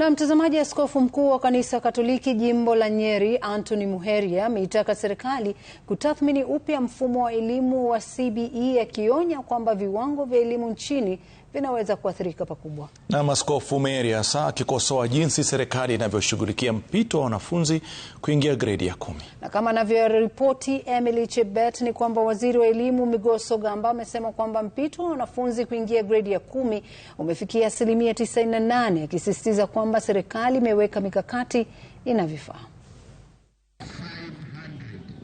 Na mtazamaji, askofu mkuu wa kanisa Katoliki jimbo la Nyeri Anthony Muheria ameitaka serikali kutathmini upya mfumo wa elimu wa CBE akionya kwamba viwango vya elimu nchini vinaweza kuathirika pakubwa. Na Askofu Muheria hasa akikosoa jinsi serikali inavyoshughulikia mpito wa wanafunzi kuingia gredi ya kumi. Na kama anavyoripoti Emily Chebet ni kwamba waziri wa elimu migoso gamba amesema kwamba mpito wa wanafunzi kuingia gredi ya kumi umefikia asilimia 98 akisisitiza kwamba kwamba serikali imeweka mikakati inavyofaa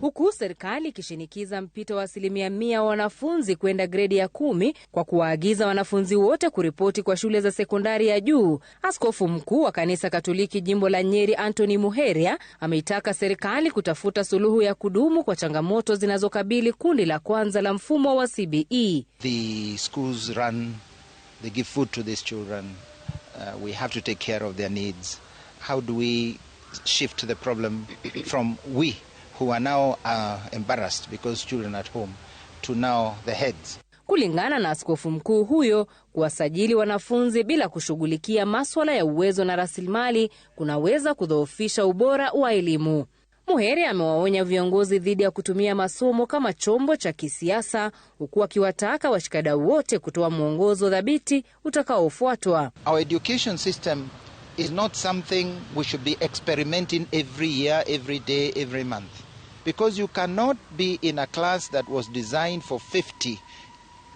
huku serikali ikishinikiza mpito wa asilimia mia wa wanafunzi kwenda gredi ya kumi kwa kuwaagiza wanafunzi wote kuripoti kwa shule za sekondari ya juu. Askofu mkuu wa kanisa Katoliki jimbo la Nyeri antony Muheria ameitaka serikali kutafuta suluhu ya kudumu kwa changamoto zinazokabili kundi la kwanza la mfumo wa CBE. The schools run, they give food to these children uh, we have to take care of their needs. How do we shift the problem from we who are now uh, embarrassed because children at home to now the heads? Kulingana na askofu mkuu huyo, kuwasajili wanafunzi bila kushughulikia maswala ya uwezo na rasilimali kunaweza kudhoofisha ubora wa elimu. Muhere amewaonya viongozi dhidi ya kutumia masomo kama chombo cha kisiasa, huku akiwataka washikadau wote kutoa mwongozo dhabiti utakaofuatwa. Our education system is not something we should be experimenting every year, every day, every month. Because you cannot be in a class that was designed for 50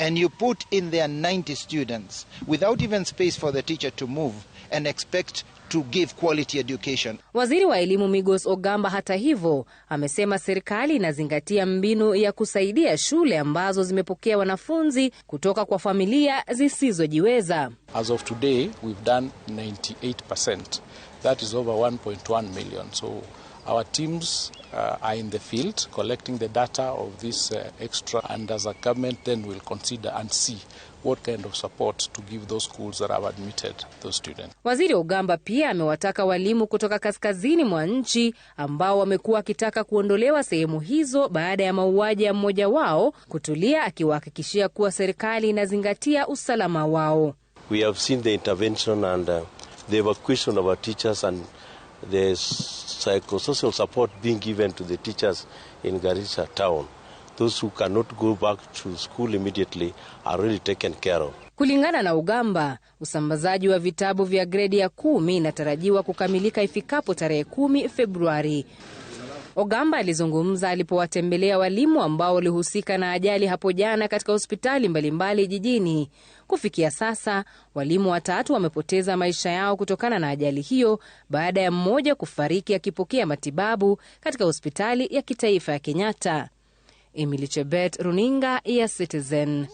and you put in there 90 students without even space for the teacher to move and expect to give quality education. Waziri wa elimu Migos Ogamba, hata hivyo, amesema serikali inazingatia mbinu ya kusaidia shule ambazo zimepokea wanafunzi kutoka kwa familia zisizojiweza. As of today, we've done 98%. That is over 1.1 million. So Our teams uh, are in the field collecting the data of this uh, extra and as a government then we'll consider and see what kind of support to give those schools that have admitted those students. Waziri ugamba pia amewataka walimu kutoka kaskazini mwa nchi ambao wamekuwa wakitaka kuondolewa sehemu hizo baada ya mauaji ya mmoja wao kutulia akiwahakikishia kuwa serikali inazingatia usalama wao. We have seen the intervention and uh, the evacuation of our teachers and the psychosocial support being given to the teachers in Garissa town. Those who cannot go back to school immediately are really taken care of. Kulingana na Ugamba, usambazaji wa vitabu vya gredi ya kumi inatarajiwa kukamilika ifikapo tarehe kumi Februari. Ogamba alizungumza alipowatembelea walimu ambao walihusika na ajali hapo jana katika hospitali mbalimbali jijini. Kufikia sasa walimu watatu wamepoteza maisha yao kutokana na ajali hiyo baada ya mmoja kufariki akipokea matibabu katika hospitali ya kitaifa ya Kenyatta. Emily Chebet, runinga ya Citizen.